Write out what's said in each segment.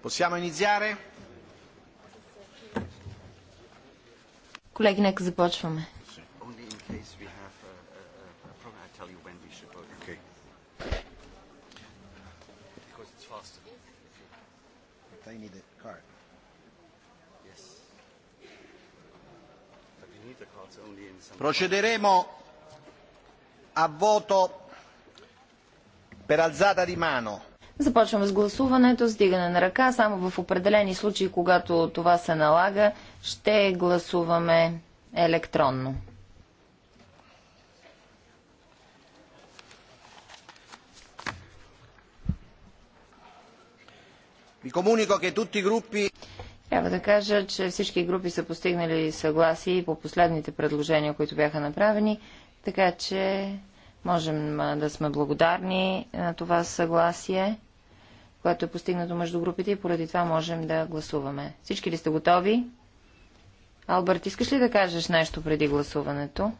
Possiamo iniziare? Колеги, нека започваме. Procederemo a voto per alzata di mano. Започваме с гласуването, сдигане на ръка. Само в определени случаи, когато това се налага, ще гласуваме електронно. Трябва да кажа, че всички групи са постигнали съгласие по последните предложения, които бяха направени, така че можем да сме благодарни на това съгласие което е постигнато между групите и поради това можем да гласуваме. Всички ли сте готови? Алберт, искаш ли да кажеш нещо преди гласуването?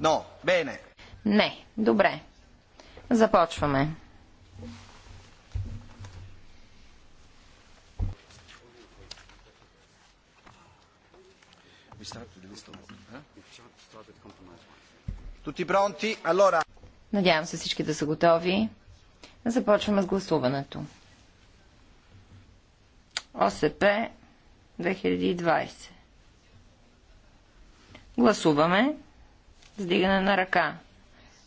Но, бене. Не, добре. Започваме. Е? Надявам се всички да са готови. Започваме с гласуването. ОСП 2020. Гласуваме с дигане на ръка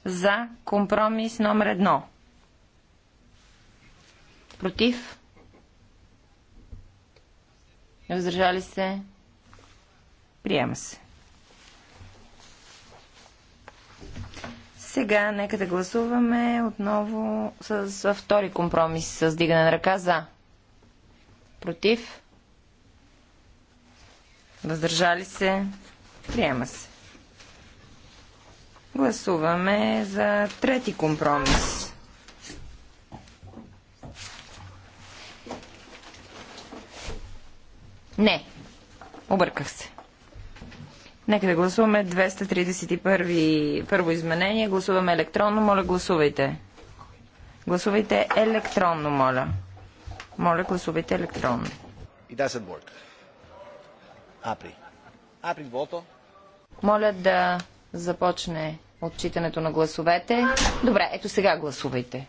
за компромис номер едно. Против? Въздържали се? Приема се. Сега нека да гласуваме отново с втори компромис с дигане на ръка за. Против. Въздържали се. Приема се. Гласуваме за трети компромис. Не. Обърках се. Нека да гласуваме 231 първо изменение. Гласуваме електронно. Моля, гласувайте. Гласувайте електронно, моля. Моля, гласувайте електронно. It doesn't work. Апри. Апри вото. Моля да започне отчитането на гласовете. Добре, ето сега гласувайте.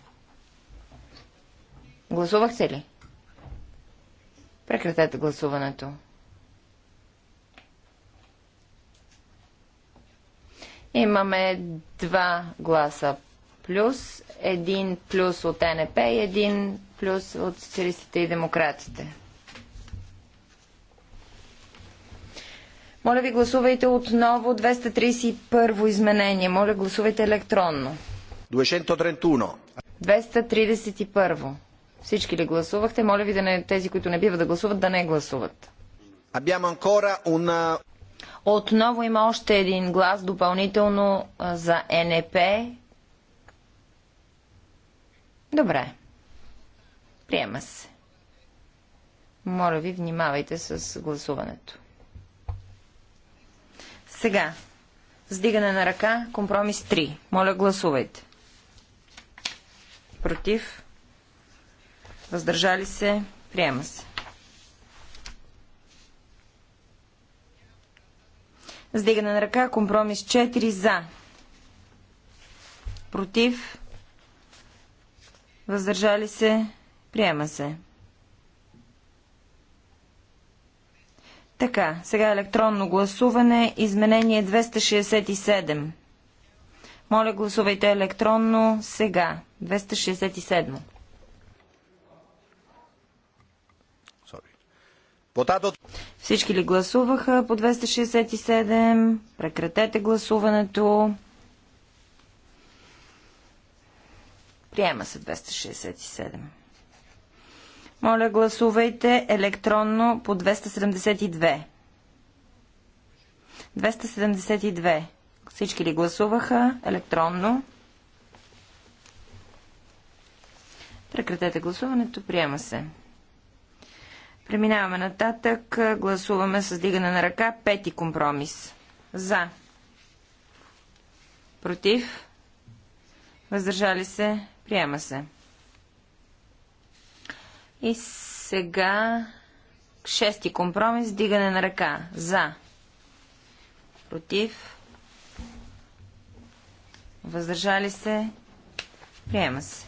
Гласувахте ли? Прекратете гласуването. Имаме два гласа плюс, един плюс от НП и един плюс от социалистите и демократите. Моля ви, гласувайте отново 231 изменение. Моля, гласувайте електронно. 231. 231. Всички ли гласувахте? Моля ви да не, тези, които не бива да гласуват, да не гласуват. Отново има още един глас допълнително за НП. Добре. Приема се. Моля ви, внимавайте с гласуването. Сега. Сдигане на ръка. Компромис 3. Моля, гласувайте. Против. Въздържали се. Приема се. Сдигане на ръка. Компромис 4 за. Против. Въздържали се. Приема се. Така, сега електронно гласуване. Изменение 267. Моля, гласувайте електронно сега. 267. Всички ли гласуваха по 267? Прекратете гласуването. Приема се 267. Моля, гласувайте електронно по 272. 272. Всички ли гласуваха електронно? Прекратете гласуването. Приема се. Преминаваме нататък. Гласуваме с дигане на ръка. Пети компромис. За. Против. Въздържали се. Приема се. И сега шести компромис. Дигане на ръка. За. Против. Въздържали се. Приема се.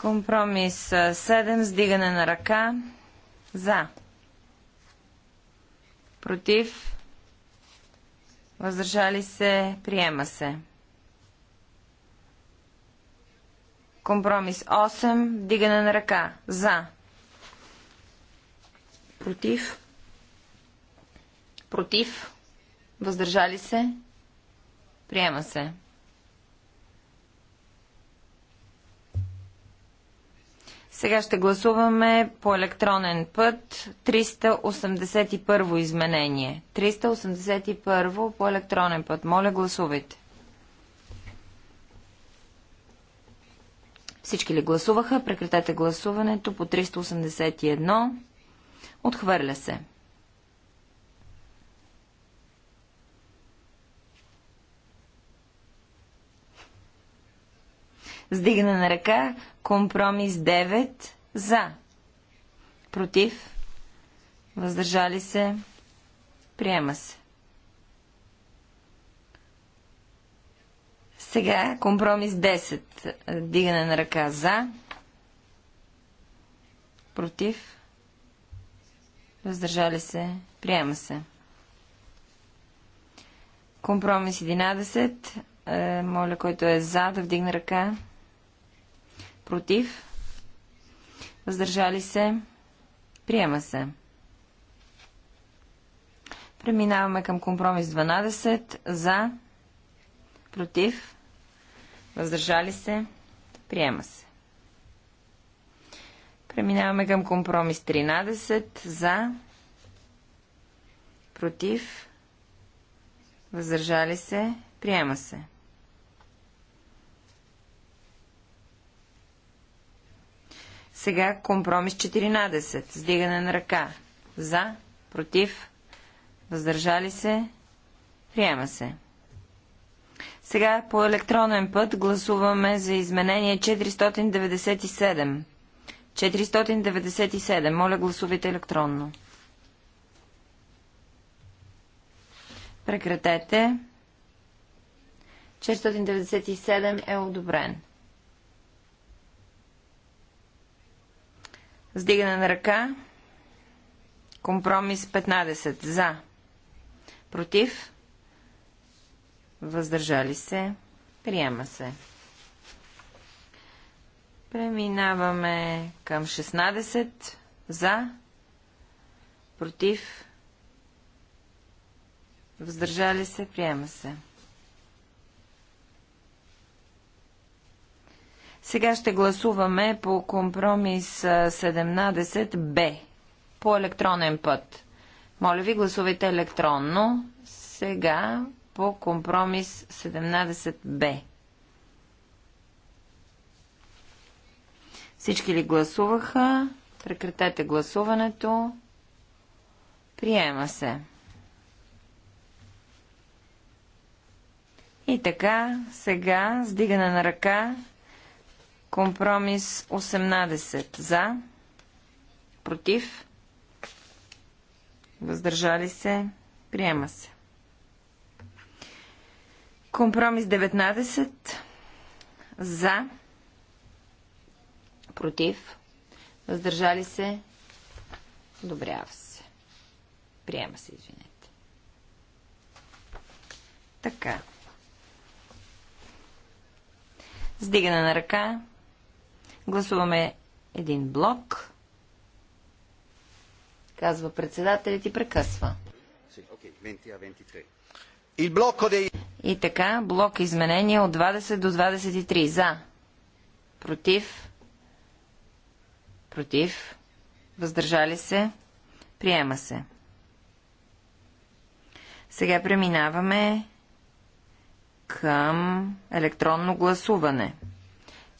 Компромис 7. Сдигане на ръка. За. Против. Въздържали се. Приема се. Компромис 8. Дигане на ръка. За. Против. Против. Въздържали се. Приема се. Сега ще гласуваме по електронен път 381 изменение. 381 по електронен път. Моля, гласувайте. Всички ли гласуваха? Прекратете гласуването по 381. Отхвърля се. Сдигане на ръка. Компромис 9 за. Против. Въздържали се. Приема се. Сега компромис 10. Дигане на ръка за. Против. Въздържали се. Приема се. Компромис 11. Е, моля, който е за, да вдигне ръка. Против. Въздържали се. Приема се. Преминаваме към компромис 12. За. Против. Въздържали се. Приема се. Преминаваме към компромис 13. За. Против. Въздържали се. Приема се. Сега компромис 14. Сдигане на ръка. За, против, въздържали се, приема се. Сега по електронен път гласуваме за изменение 497. 497. Моля, гласувайте електронно. Прекратете. 497 е одобрен. Сдигане на ръка. Компромис 15. За. Против. Въздържали се. Приема се. Преминаваме към 16. За. Против. Въздържали се. Приема се. Сега ще гласуваме по компромис 17 Б по електронен път. Моля ви, гласувайте електронно. Сега по компромис 17 Б. Всички ли гласуваха? Прекратете гласуването. Приема се. И така, сега, с дигане на ръка, Компромис 18 за, против, въздържали се, приема се. Компромис 19 за, против, въздържали се, одобрява се. Приема се, извинете. Така. Сдигане на ръка Гласуваме един блок. Казва председателят и прекъсва. И така, блок изменения от 20 до 23. За. Против. Против. Въздържали се. Приема се. Сега преминаваме към електронно гласуване.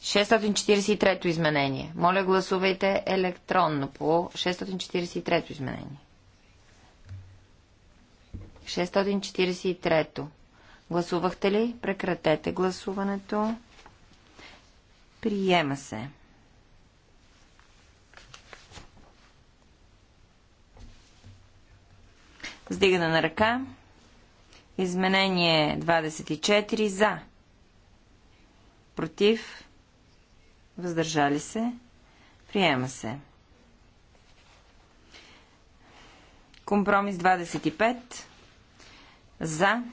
643-то изменение. Моля, гласувайте електронно по 643-то изменение. 643-то. Гласувахте ли? Прекратете гласуването. Приема се. Сдигане на ръка. Изменение 24 за. Против. Въздържали се. Приема се. Компромис 25. За.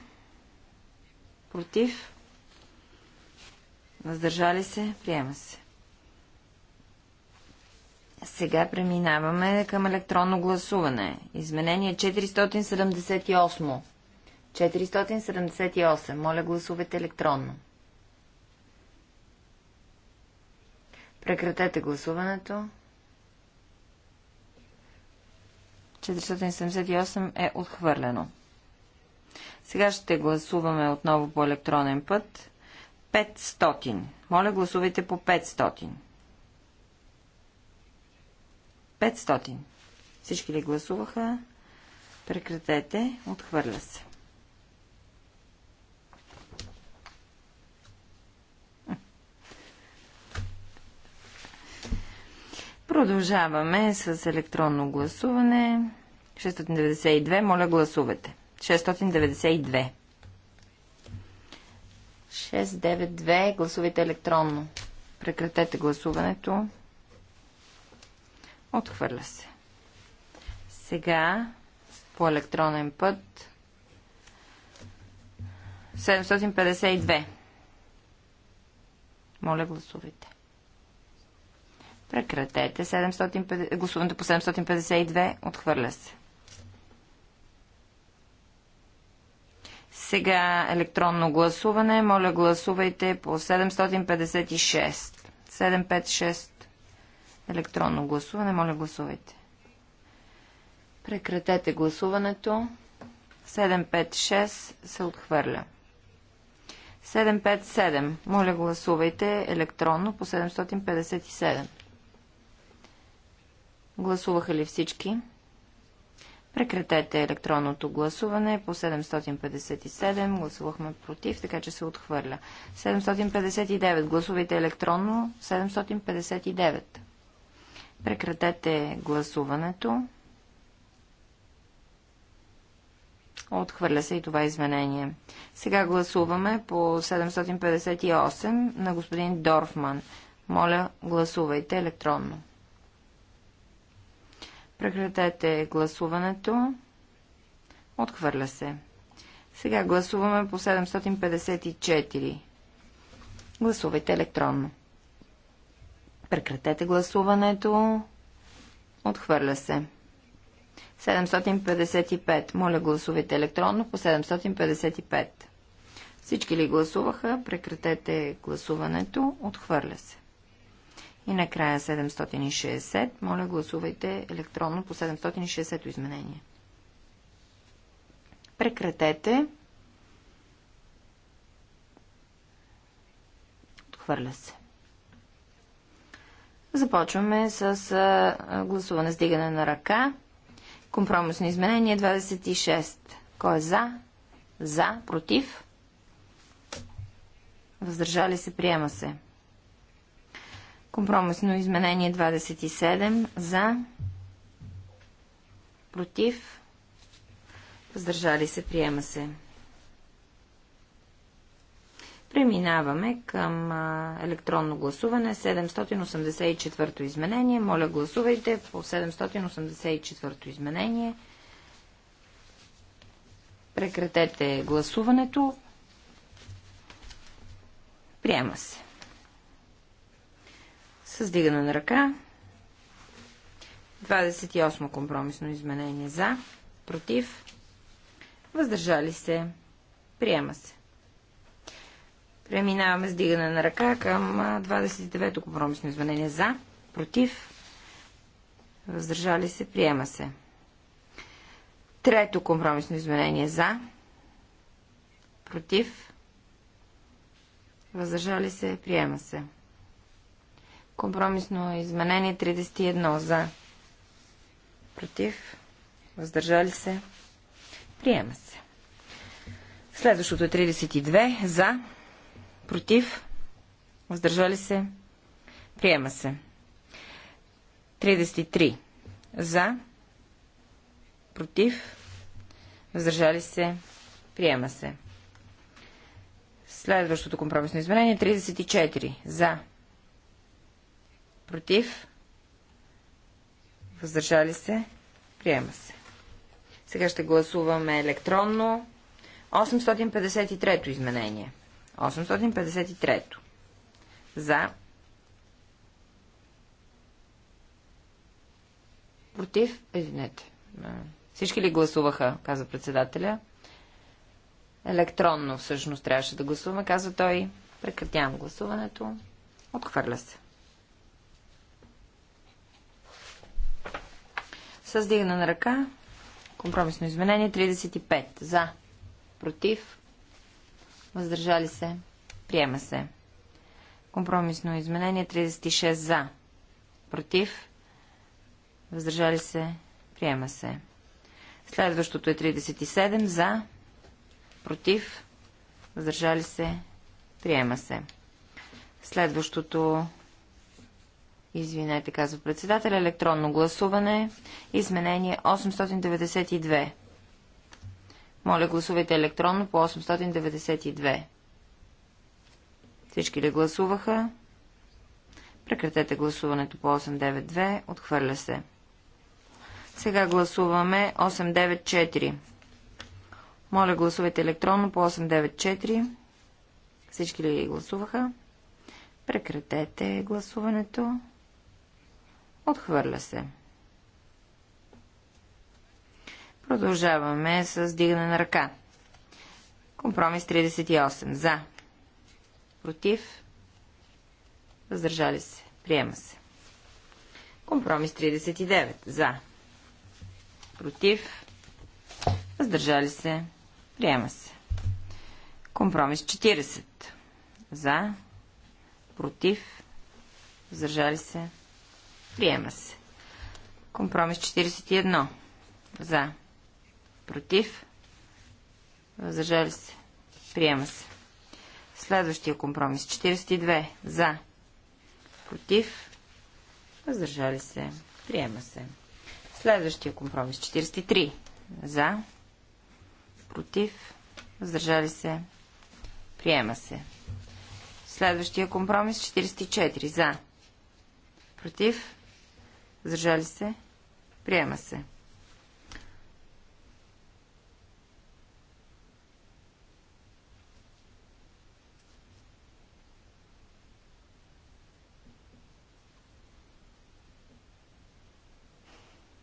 Против. Въздържали се. Приема се. Сега преминаваме към електронно гласуване. Изменение 478. 478. Моля гласувайте електронно. 478. Прекратете гласуването. 478 е отхвърлено. Сега ще гласуваме отново по електронен път. 500. Моля, гласувайте по 500. 500. Всички ли гласуваха? Прекратете. Отхвърля се. Продължаваме с електронно гласуване. 692, моля гласувате. 692. 692, гласувайте електронно. Прекратете гласуването. Отхвърля се. Сега по електронен път 752. Моля гласувайте. Прекратете. 750... Гласуването по 752 отхвърля се. Сега електронно гласуване. Моля, гласувайте по 756. 756 електронно гласуване. Моля, гласувайте. Прекратете гласуването. 756 се отхвърля. 757. Моля, гласувайте електронно по 757. Гласуваха ли всички? Прекратете електронното гласуване по 757. Гласувахме против, така че се отхвърля. 759. Гласувайте електронно. 759. Прекратете гласуването. Отхвърля се и това изменение. Сега гласуваме по 758 на господин Дорфман. Моля, гласувайте електронно. Прекратете гласуването. Отхвърля се. Сега гласуваме по 754. Гласувайте електронно. Прекратете гласуването. Отхвърля се. 755. Моля гласувайте електронно по 755. Всички ли гласуваха? Прекратете гласуването. Отхвърля се. И накрая 760. Моля, гласувайте електронно по 760 изменение. Прекратете. Отхвърля се. Започваме с гласуване с дигане на ръка. Компромисно изменение 26. Кой е за? За? Против? Въздържали се? Приема се. Компромисно изменение 27 за, против, въздържали се, приема се. Преминаваме към електронно гласуване 784 изменение. Моля, гласувайте по 784 изменение. Прекратете гласуването. Приема се. С дигане на ръка. 28 компромисно изменение за, против, въздържали се, приема се. Преминаваме с дигане на ръка към 29-то компромисно изменение за, против, въздържали се, приема се. Трето компромисно изменение за, против, въздържали се, приема се. Компромисно изменение 31 за. Против. Въздържали се. Приема се. Следващото е 32 за. Против. Въздържали се. Приема се. 33 за. Против. Въздържали се. Приема се. Следващото компромисно изменение 34 за Против. Въздържали се. Приема се. Сега ще гласуваме електронно 853 изменение. 853 За. Против. Извинете. Всички ли гласуваха, каза председателя. Електронно всъщност трябваше да гласуваме, каза той. Прекратявам гласуването. Отхвърля се. С дигна на ръка. Компромисно изменение 35. За. Против. Въздържали се. Приема се. Компромисно изменение 36 за. Против. Въздържали се. Приема се. Следващото е 37 за. Против. Въздържали се. Приема се. Следващото Извинете, казва председател. Електронно гласуване. Изменение 892. Моля, гласувайте електронно по 892. Всички ли гласуваха? Прекратете гласуването по 892. Отхвърля се. Сега гласуваме 894. Моля, гласувайте електронно по 894. Всички ли гласуваха? Прекратете гласуването. Отхвърля се. Продължаваме с дигане на ръка. Компромис 38. За. Против. Въздържали се. Приема се. Компромис 39. За. Против. Въздържали се. Приема се. Компромис 40. За. Против. Въздържали се. Приема се. Компромис 41. За. Против. Въздържали се. Приема се. Следващия компромис. 42. За. Против. Въздържали се. Приема се. Следващия компромис. 43. За. Против. Въздържали се. Приема се. Следващия компромис. 44. За. Против. Задържали се? Приема се.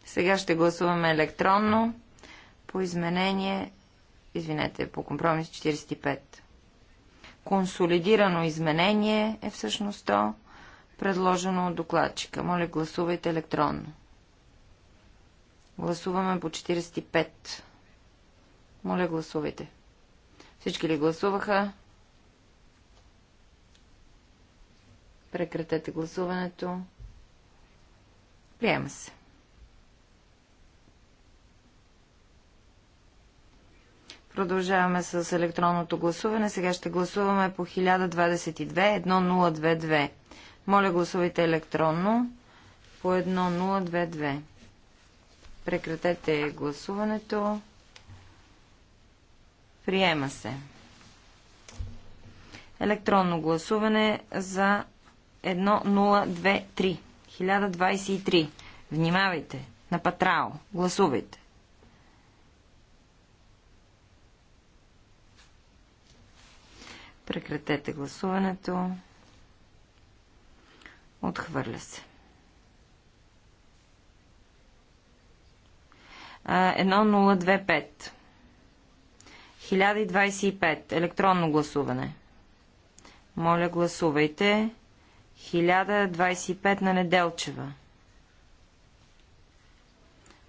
Сега ще гласуваме електронно по изменение, извинете, по компромис 45. Консолидирано изменение е всъщност то предложено от докладчика. Моля, гласувайте електронно. Гласуваме по 45. Моля, гласувайте. Всички ли гласуваха? Прекратете гласуването. Приема се. Продължаваме с електронното гласуване. Сега ще гласуваме по 1022-1022. Моля гласувайте електронно по 1022. Прекратете гласуването. Приема се. Електронно гласуване за 1023. 1023. Внимавайте. На патрао. Гласувайте. Прекратете гласуването. Отхвърля се. Uh, 1025. 1025. Електронно гласуване. Моля, гласувайте. 1025 на Неделчева.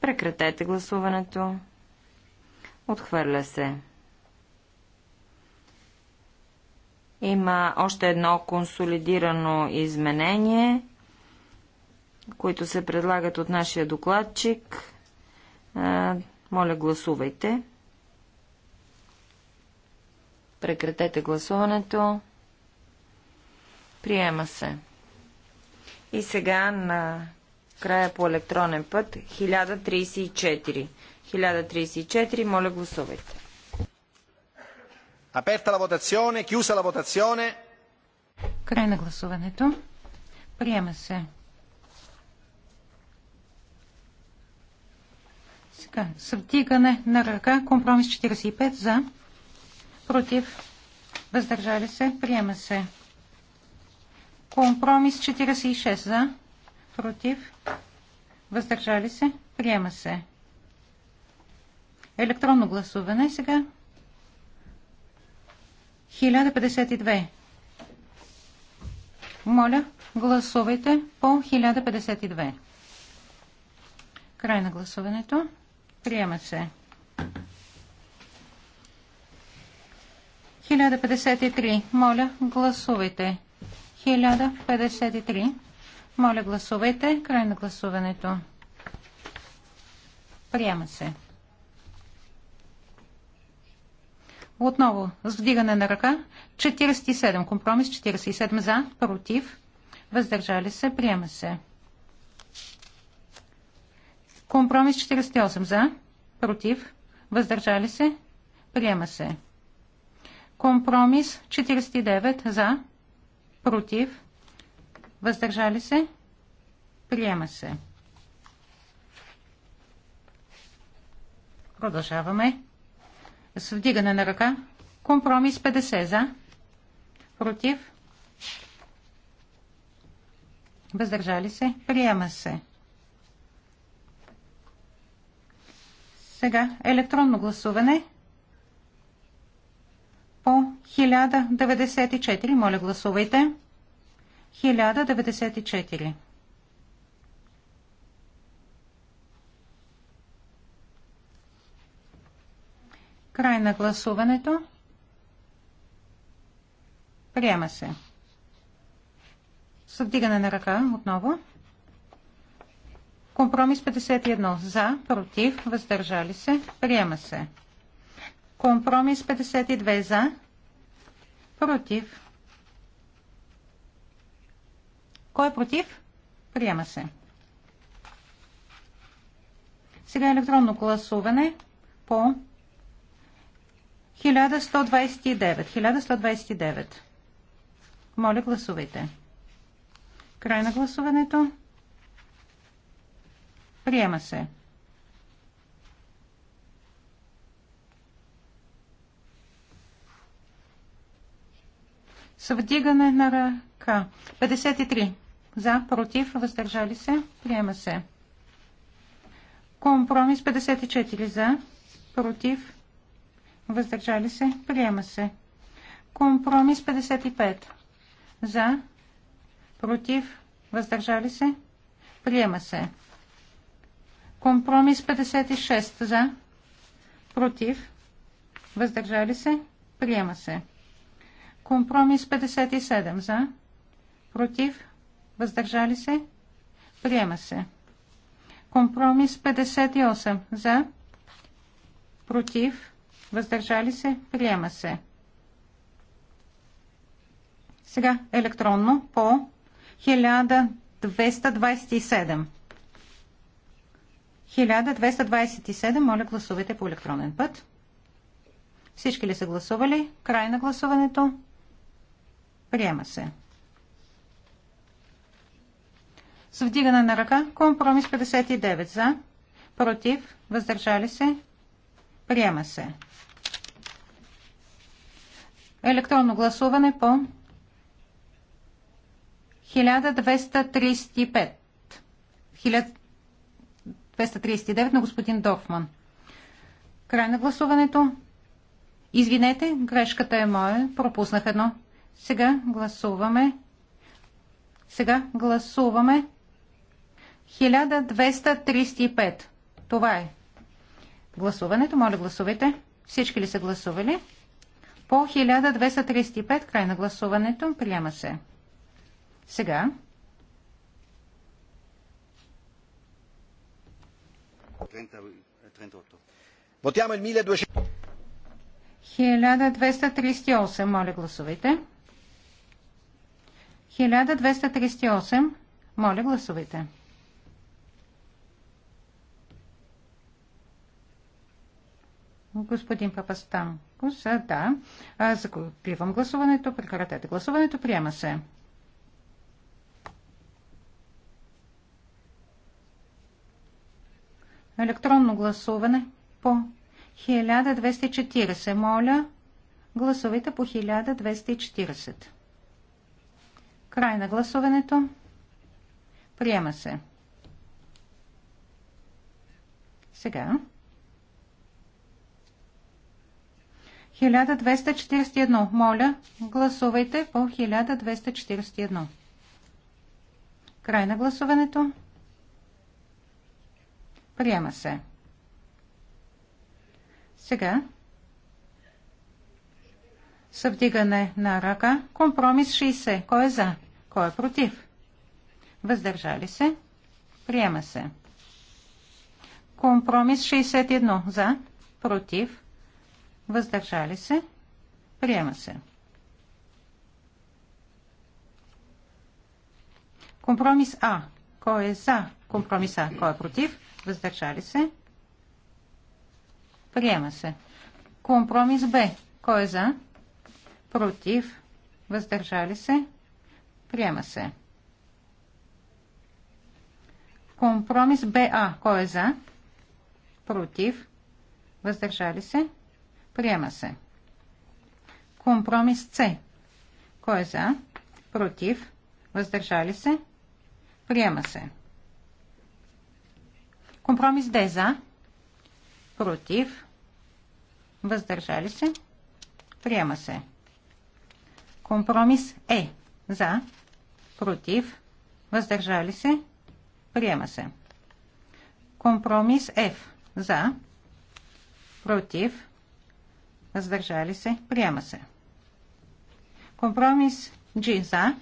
Прекратете гласуването. Отхвърля се. Има още едно консолидирано изменение, които се предлагат от нашия докладчик. Моля, гласувайте. Прекратете гласуването. Приема се. И сега на края по електронен път 1034. 1034, моля гласувайте. Аперта la votazione, chiusa la votazione. Край на гласуването. Приема се. Сега, с на ръка, компромис 45 за, против, въздържали се, приема се. Компромис 46 за, против, въздържали се, приема се. Електронно гласуване сега. 1052. Моля, гласувайте по 1052. Край на гласуването. Приема се. 1053. Моля, гласувайте. 1053. Моля, гласувайте. Край на гласуването. Приема се. Отново с вдигане на ръка. 47. Компромис 47 за, против, въздържали се, приема се. Компромис 48 за, против, въздържали се, приема се. Компромис 49 за, против, въздържали се, приема се. Продължаваме с вдигане на ръка. Компромис 50 за. Против. Въздържали се. Приема се. Сега електронно гласуване по 1094. Моля гласувайте. 1094. Край на гласуването. Приема се. Съвдигане на ръка отново. Компромис 51. За, против, въздържали се. Приема се. Компромис 52. За, против. Кой е против? Приема се. Сега електронно гласуване по 1129. 1129. Моля, гласувайте. Край на гласуването. Приема се. Съвдигане на ръка. 53. За, против, въздържали се. Приема се. Компромис 54 за, против, въздържали се, приема се. Компромис 55. За, против, въздържали се, приема се. Компромис 56. За, против, въздържали се, приема се. Компромис 57. За, против, въздържали се, приема се. Компромис 58. За, против, Въздържали се? Приема се. Сега електронно по 1227. 1227. Моля, гласувайте по електронен път. Всички ли са гласували? Край на гласуването. Приема се. С вдигане на ръка компромис 59 за, против, въздържали се, Приема се. Електронно гласуване по 1235. 1239 на господин Дофман. Край на гласуването. Извинете, грешката е моя. Пропуснах едно. Сега гласуваме. Сега гласуваме. 1235. Това е гласуването. Моля, гласувайте. Всички ли са гласували? По 1235 край на гласуването приема се. Сега. Votiamo 1238. Моля, гласувайте. 1238. Моля, гласувайте. господин Папастан. За, да. Закривам гласуването. Прекратете гласуването. Приема се. Електронно гласуване по 1240. Моля, гласувайте по 1240. Край на гласуването. Приема се. Сега 1241. Моля, гласувайте по 1241. Край на гласуването. Приема се. Сега Съвдигане на ръка. Компромис 60. Кой е за? Кой е против? Въздържали се? Приема се. Компромис 61. За? Против? Въздържали се. Приема се. Компромис А. Кой е за компромис А? Кой е против? Въздържали се. Приема се. Компромис Б. Кой е за? Против. Въздържали се. Приема се. Компромис БА. Кой е за? Против. Въздържали се. Приема се. Компромис С. Кой е за? Против. Въздържали се. Приема се. Компромис Д за. Против. Въздържали се. Приема се. Компромис Е за. Против. Въздържали се. Приема се. Компромис Ф за. Против въздържали се, приема се. Компромис G за,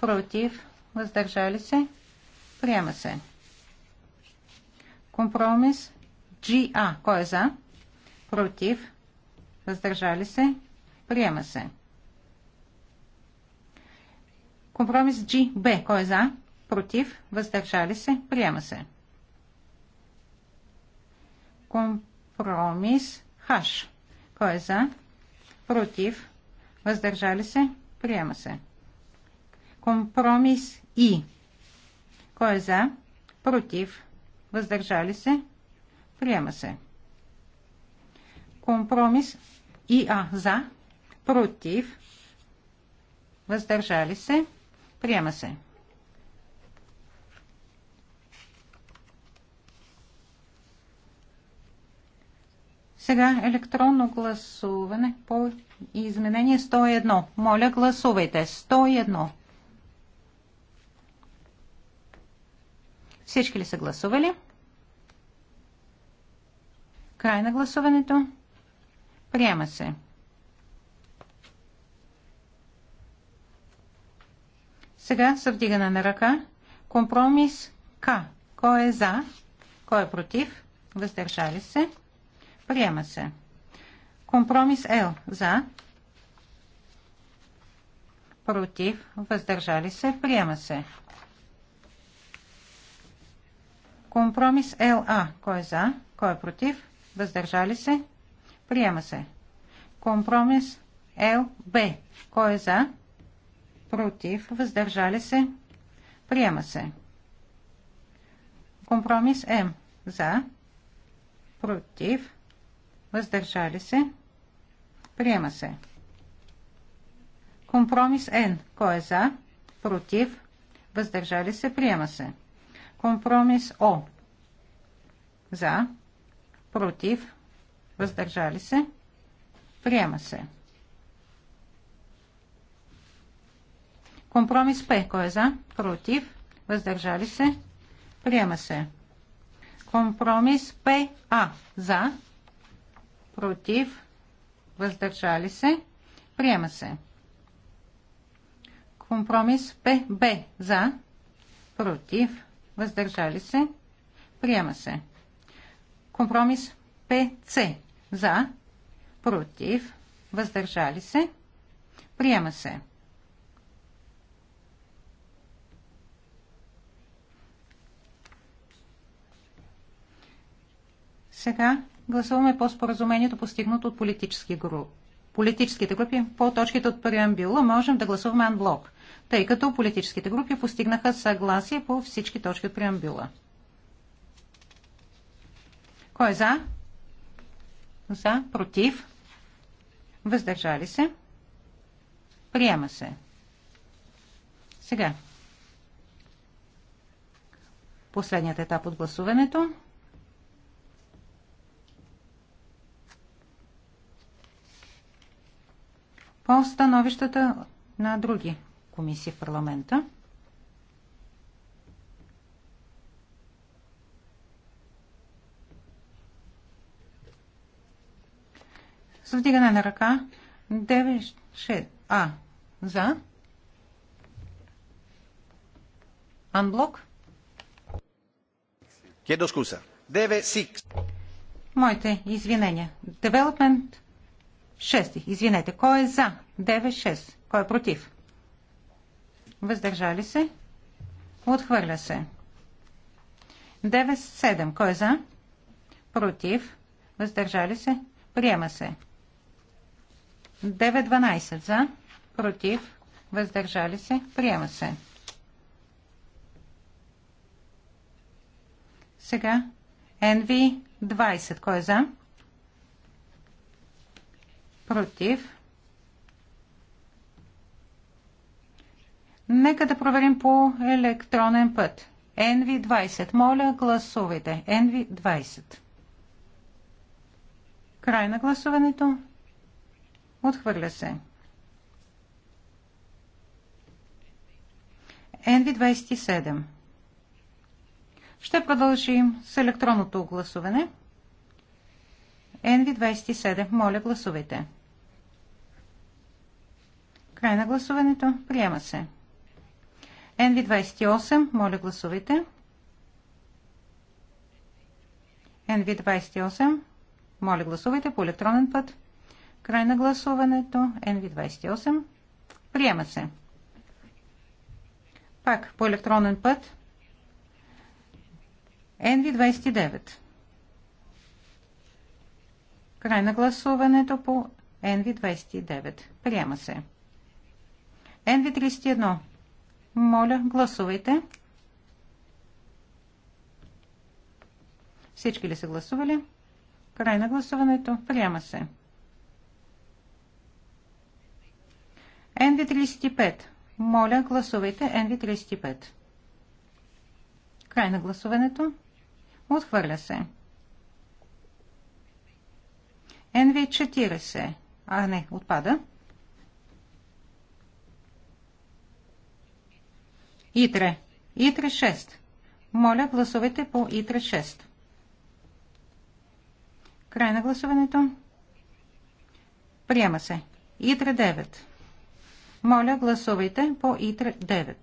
против, въздържали се, приема се. Компромис А. кой е за, против, въздържали се, приема се. Компромис Б. кой е за, против, въздържали се, приема се. Компромис H. Кой е за? Против? Въздържали се? Приема се. Компромис И. Кой е за? Против? Въздържали се? Приема се. Компромис ИА за, против, въздържали се, приема се. Сега електронно гласуване по изменение 101. Моля, гласувайте. 101. Всички ли са гласували? Край на гласуването. Приема се. Сега са вдигане на ръка. Компромис К. Кой е за? Кой е против? Въздържали се? Приема се. Компромис Л. За. Против. Въздържали се. Приема се. Компромис ЛА. Кой е за? Кой е против? Въздържали се? Приема се. Компромис ЛБ. Кой е за? Против. Въздържали се? Приема се. Компромис М. За. Против въздържали се, приема се. Компромис Н. Кой е за? Против? Въздържали се? Приема се. Компромис О. За? Против? Въздържали се? Приема се. Компромис П. Кой е за? Против? Въздържали се? Приема се. Компромис П. А. За? против, въздържали се, приема се. Компромис ПБ за, против, въздържали се, приема се. Компромис ПЦ за, против, въздържали се, приема се. Сега гласуваме по споразумението, постигнато от политически групи. политическите групи по точките от преамбюла, можем да гласуваме анблок, тъй като политическите групи постигнаха съгласие по всички точки от преамбюла. Кой е за? За, против, въздържали се, приема се. Сега, последният етап от гласуването – по становищата на други комисии в парламента. С вдигане на ръка 96А за Анблок. Моите извинения. Development 6. Извинете. Кой е за? 9-6. Кой е против? Въздържали се? Отхвърля се. 9-7. Кой е за? Против. Въздържали се? Приема се. 9-12. За? Против. Въздържали се? Приема се. Сега NV 20. Кой е за? против. Нека да проверим по електронен път. NV20. Моля, гласувайте. NV20. Край на гласуването. Отхвърля се. NV27. Ще продължим с електронното гласуване. NV27. Моля, гласувайте. Край на гласуването. Приема се. NV28. Моля гласувайте. NV28. Моля гласувайте по електронен път. Край на гласуването. NV28. Приема се. Пак по електронен път. NV29. Край на гласуването по NV29. Приема се. NV31. Моля, гласувайте. Всички ли са гласували? Край на гласуването. Приема се. NV35. Моля, гласувайте NV35. Край на гласуването. Отхвърля се. NV40. А, не, отпада. Итре. Итре 6. Моля, гласувайте по Итре 6. Край на гласуването. Приема се. Итре 9. Моля, гласувайте по Итре 9.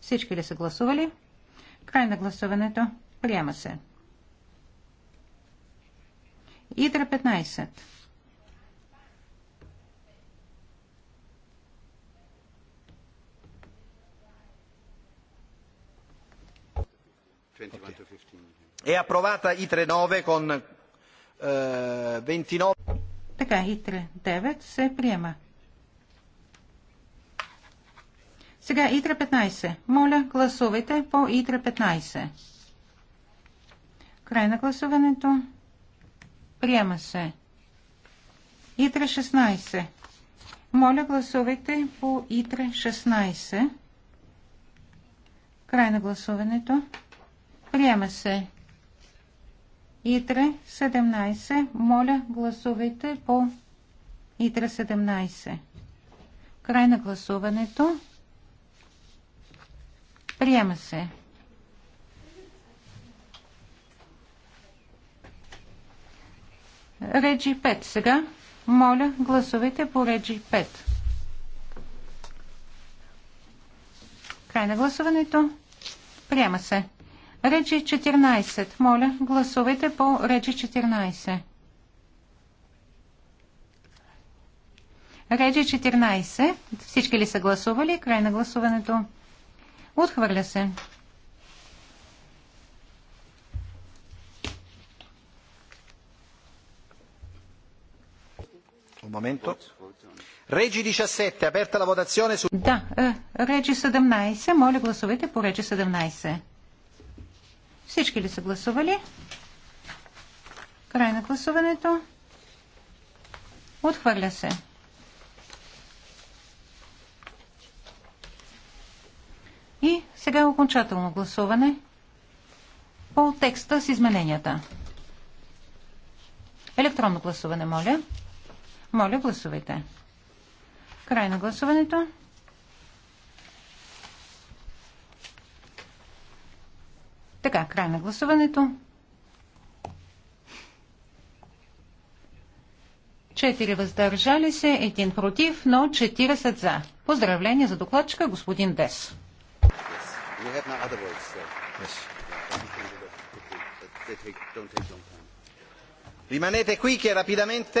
Всички ли са гласували? Край на гласуването. Приема се. Итре 15. Е апровата ИТРЕ 9 con 29. Eh, така, ИТРЕ 9 се приема. Сега ИТРЕ 15. Моля, гласувайте по ИТРЕ 15. Край на гласуването. Приема се. ИТРЕ 16. Моля, гласувайте по ИТРЕ 16. Край на гласуването. Приема се. Итре 17. Моля, гласувайте по Итре 17. Край на гласуването. Приема се. Реджи 5 сега. Моля, гласувайте по Реджи 5. Край на гласуването. Приема се. Речи 14. Моля, гласувайте по речи 14. Речи 14. Всички ли са гласували? Край на гласуването. Отхвърля се. Момento. Реджи 17. Аперта la votazione su... Да, Реджи е, 17. Моля, гласувайте по Реджи 17. Всички ли са гласували? Край на гласуването. Отхвърля се. И сега е окончателно гласуване по текста с измененията. Електронно гласуване, моля. Моля, гласувайте. Край на гласуването. Така, край на гласуването. 4 въздържали се, 1 против, но 40 за. Поздравление за докладчика господин Дес. Rimanete qui che rapidamente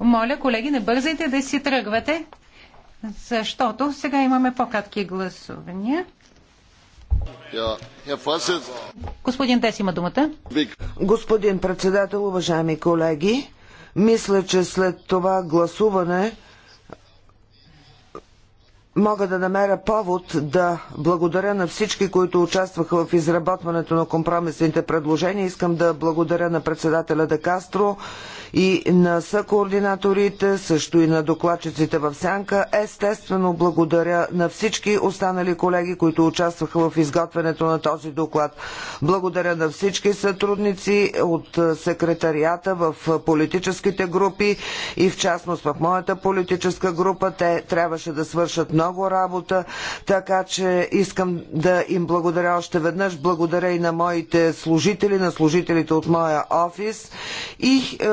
Моля, колеги, не бързайте да си тръгвате, защото сега имаме по-кратки гласувания. Господин Дес има думата. Господин председател, уважаеми колеги, мисля, че след това гласуване мога да намеря повод да благодаря на всички, които участваха в изработването на компромисните предложения. Искам да благодаря на председателя Де Кастро и на съкоординаторите, също и на докладчиците в Сянка. Естествено, благодаря на всички останали колеги, които участваха в изготвянето на този доклад. Благодаря на всички сътрудници от секретарията в политическите групи и в частност в моята политическа група. Те трябваше да свършат много много работа, така че искам да им благодаря още веднъж. Благодаря и на моите служители, на служителите от моя офис и е,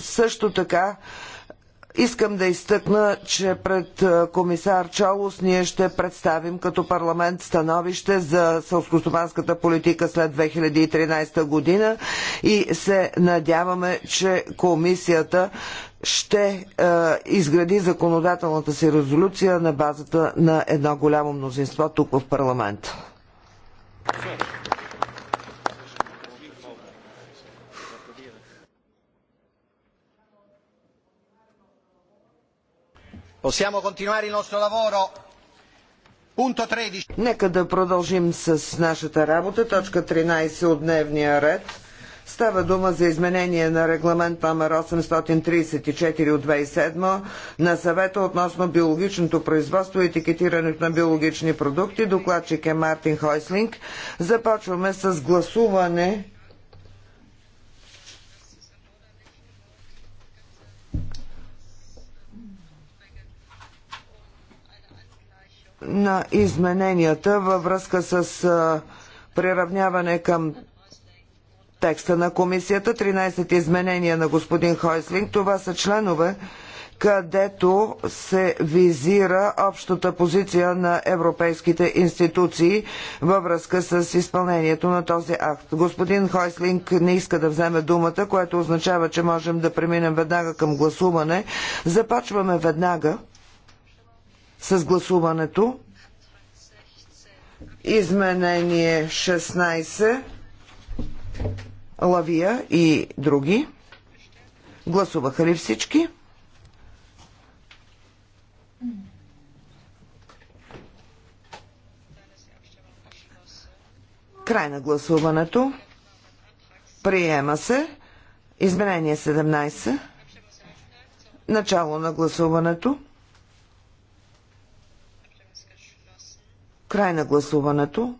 също така Искам да изтъкна, че пред е, комисар Чолос ние ще представим като парламент становище за селскостопанската политика след 2013 година и се надяваме, че комисията ще е, изгради законодателната си резолюция на базата на едно голямо мнозинство тук в парламента. Possiamo continuare il nostro lavoro. Punto 13. Нека да продължим с нашата работа. Точка 13 от дневния ред. Става дума за изменение на регламент номер 834 от 2007 на съвета относно биологичното производство и етикетирането на биологични продукти. Докладчик е Мартин Хойслинг. Започваме с гласуване на измененията във връзка с приравняване към текста на комисията, 13 изменения на господин Хойслинг. Това са членове, където се визира общата позиция на европейските институции във връзка с изпълнението на този акт. Господин Хойслинг не иска да вземе думата, което означава, че можем да преминем веднага към гласуване. Започваме веднага с гласуването. Изменение 16. Лавия и други. Гласуваха ли всички? Край на гласуването. Приема се. Изменение 17. Начало на гласуването. Край на гласуването.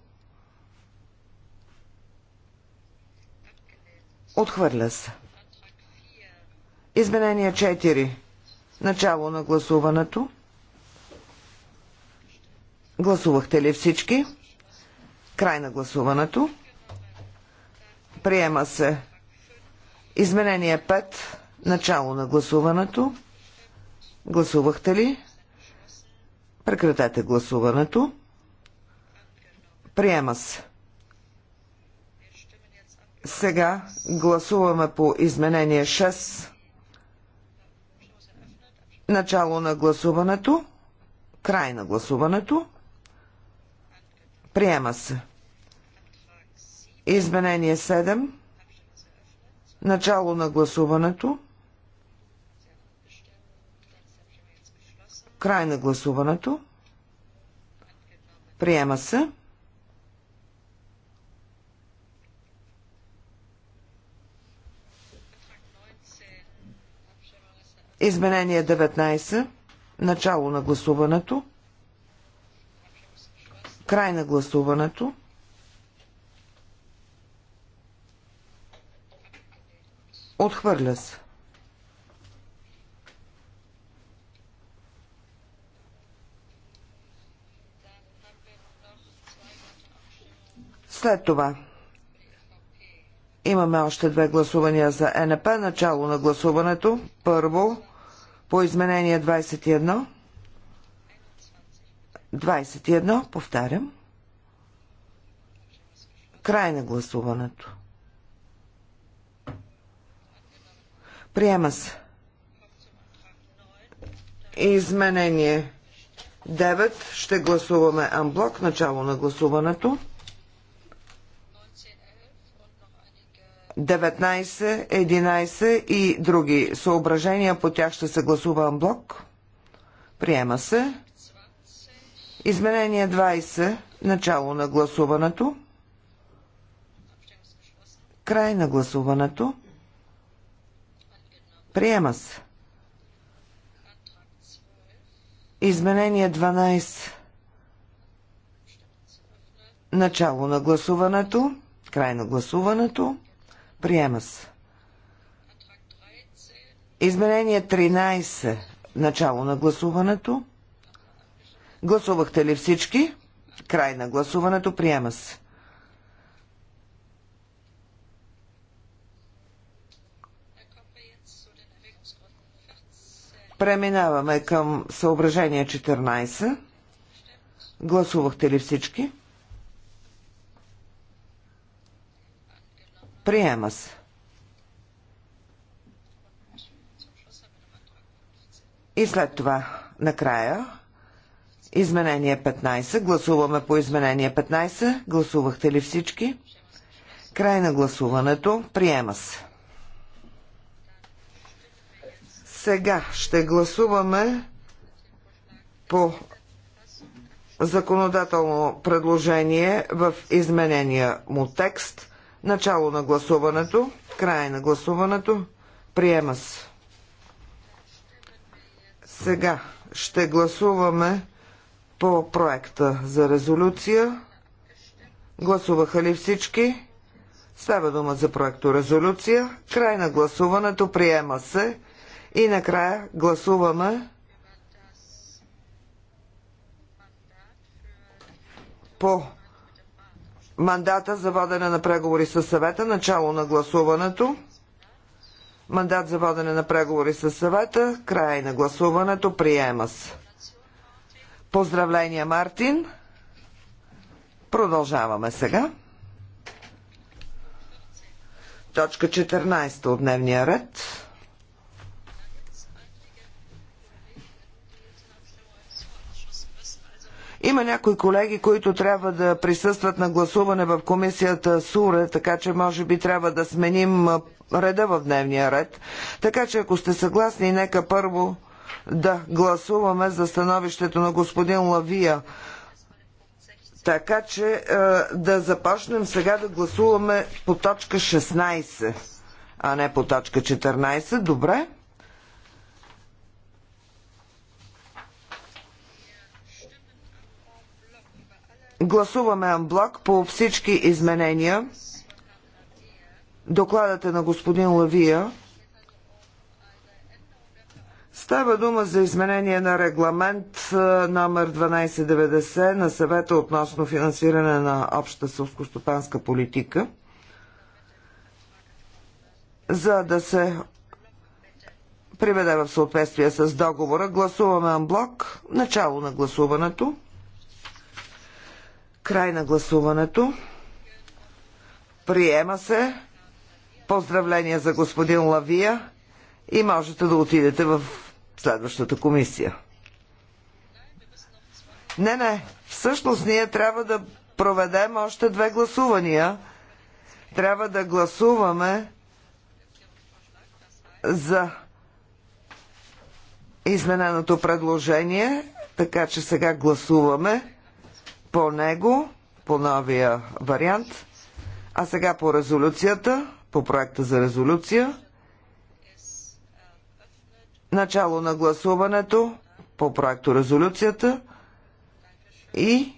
Отхвърля се. Изменение 4. Начало на гласуването. Гласувахте ли всички? Край на гласуването. Приема се. Изменение 5. Начало на гласуването. Гласувахте ли? Прекратете гласуването. Приема се. Сега гласуваме по изменение 6. Начало на гласуването. Край на гласуването. Приема се. Изменение 7. Начало на гласуването. Край на гласуването. Приема се. Изменение 19. Начало на гласуването. Край на гласуването. Отхвърля се. След това имаме още две гласувания за НП. Начало на гласуването. Първо по изменение 21. 21, повтарям. Край на гласуването. Приема се. Изменение 9. Ще гласуваме Анблок, Начало на гласуването. 19, 11 и други съображения. По тях ще се гласува блок. Приема се. Изменение 20. Начало на гласуването. Край на гласуването. Приема се. Изменение 12. Начало на гласуването. Край на гласуването. Приема се. Изменение 13. Начало на гласуването. Гласувахте ли всички? Край на гласуването. Приема се. Преминаваме към съображение 14. Гласувахте ли всички? Приема се. И след това, накрая, изменение 15. Гласуваме по изменение 15. Гласувахте ли всички? Край на гласуването. Приема се. Сега ще гласуваме по законодателно предложение в изменения му текст. Начало на гласуването. Край на гласуването. Приема се. Сега ще гласуваме по проекта за резолюция. Гласуваха ли всички? Става дума за проекто резолюция. Край на гласуването приема се. И накрая гласуваме по Мандата за водене на преговори с съвета. Начало на гласуването. Мандат за водене на преговори с съвета. Край на гласуването. Приема се. Поздравления, Мартин. Продължаваме сега. Точка 14 от дневния ред. Има някои колеги, които трябва да присъстват на гласуване в комисията СУРЕ, така че може би трябва да сменим реда в дневния ред. Така че ако сте съгласни, нека първо да гласуваме за становището на господин Лавия. Така че да започнем сега да гласуваме по точка 16, а не по точка 14. Добре? Гласуваме анблок по всички изменения. Докладът е на господин Лавия. Става дума за изменение на регламент номер 1290 на съвета относно финансиране на общата сълскостопанска политика, за да се приведе в съответствие с договора. Гласуваме анблок. Начало на гласуването. Край на гласуването. Приема се. Поздравления за господин Лавия и можете да отидете в следващата комисия. Не, не. Всъщност ние трябва да проведем още две гласувания. Трябва да гласуваме за измененото предложение, така че сега гласуваме по него, по новия вариант. А сега по резолюцията, по проекта за резолюция. Начало на гласуването по проекто резолюцията и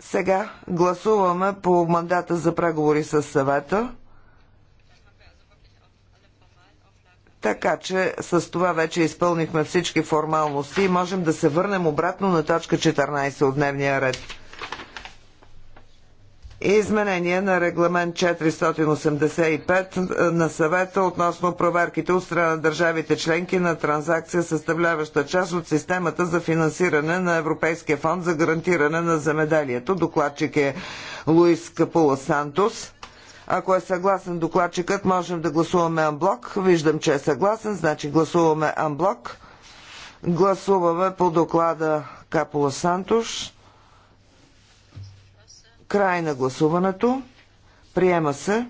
сега гласуваме по мандата за преговори с съвета. Така че с това вече изпълнихме всички формалности и можем да се върнем обратно на точка 14 от дневния ред. Изменение на регламент 485 е, на съвета относно проверките от страна на държавите членки на транзакция, съставляваща част от системата за финансиране на Европейския фонд за гарантиране на земеделието. Докладчик е Луис Капула Сантос. Ако е съгласен докладчикът, можем да гласуваме анблок. Виждам, че е съгласен, значи гласуваме анблок. Гласуваме по доклада Капола Сантош. Край на гласуването. Приема се.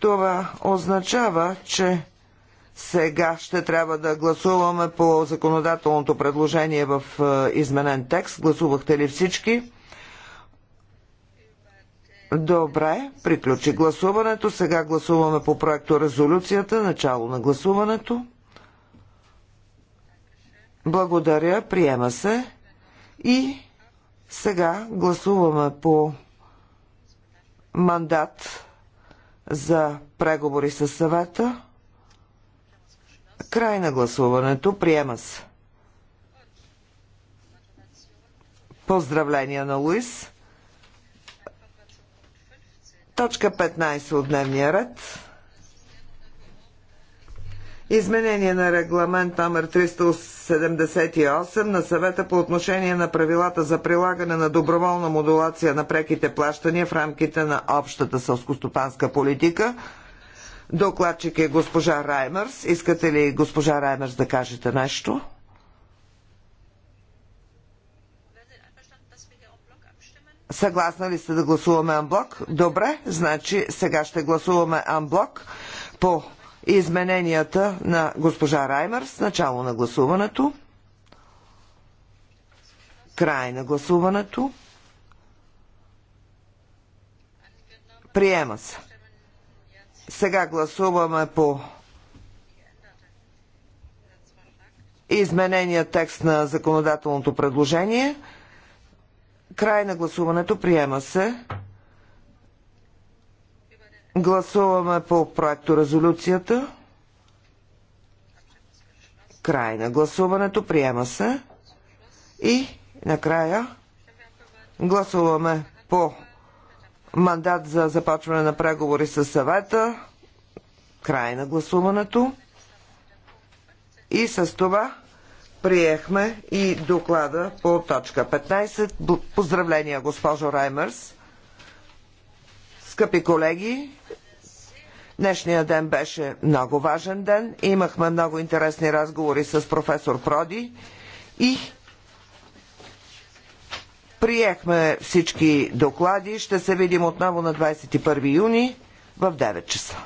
Това означава, че сега ще трябва да гласуваме по законодателното предложение в е, изменен текст. Гласувахте ли всички? Добре, приключи гласуването. Сега гласуваме по проекто резолюцията. Начало на гласуването. Благодаря, приема се. И сега гласуваме по мандат за преговори с съвета. Край на гласуването. Приема се. Поздравления на Луис. Точка 15 от дневния ред. Изменение на регламент номер 378 на съвета по отношение на правилата за прилагане на доброволна модулация на преките плащания в рамките на общата сълскостопанска политика. Докладчик е госпожа Раймърс. Искате ли госпожа Раймърс да кажете нещо? Съгласна ли сте да гласуваме анблок? Добре, значи сега ще гласуваме анблок по измененията на госпожа Раймер с начало на гласуването. Край на гласуването. Приема се. Сега гласуваме по изменения текст на законодателното предложение – Край на гласуването. Приема се. Гласуваме по проекто резолюцията. Край на гласуването. Приема се. И накрая гласуваме по мандат за започване на преговори с съвета. Край на гласуването. И с това приехме и доклада по точка 15. Поздравления, госпожо Раймърс. Скъпи колеги, днешният ден беше много важен ден. Имахме много интересни разговори с професор Проди и приехме всички доклади. Ще се видим отново на 21 юни в 9 часа.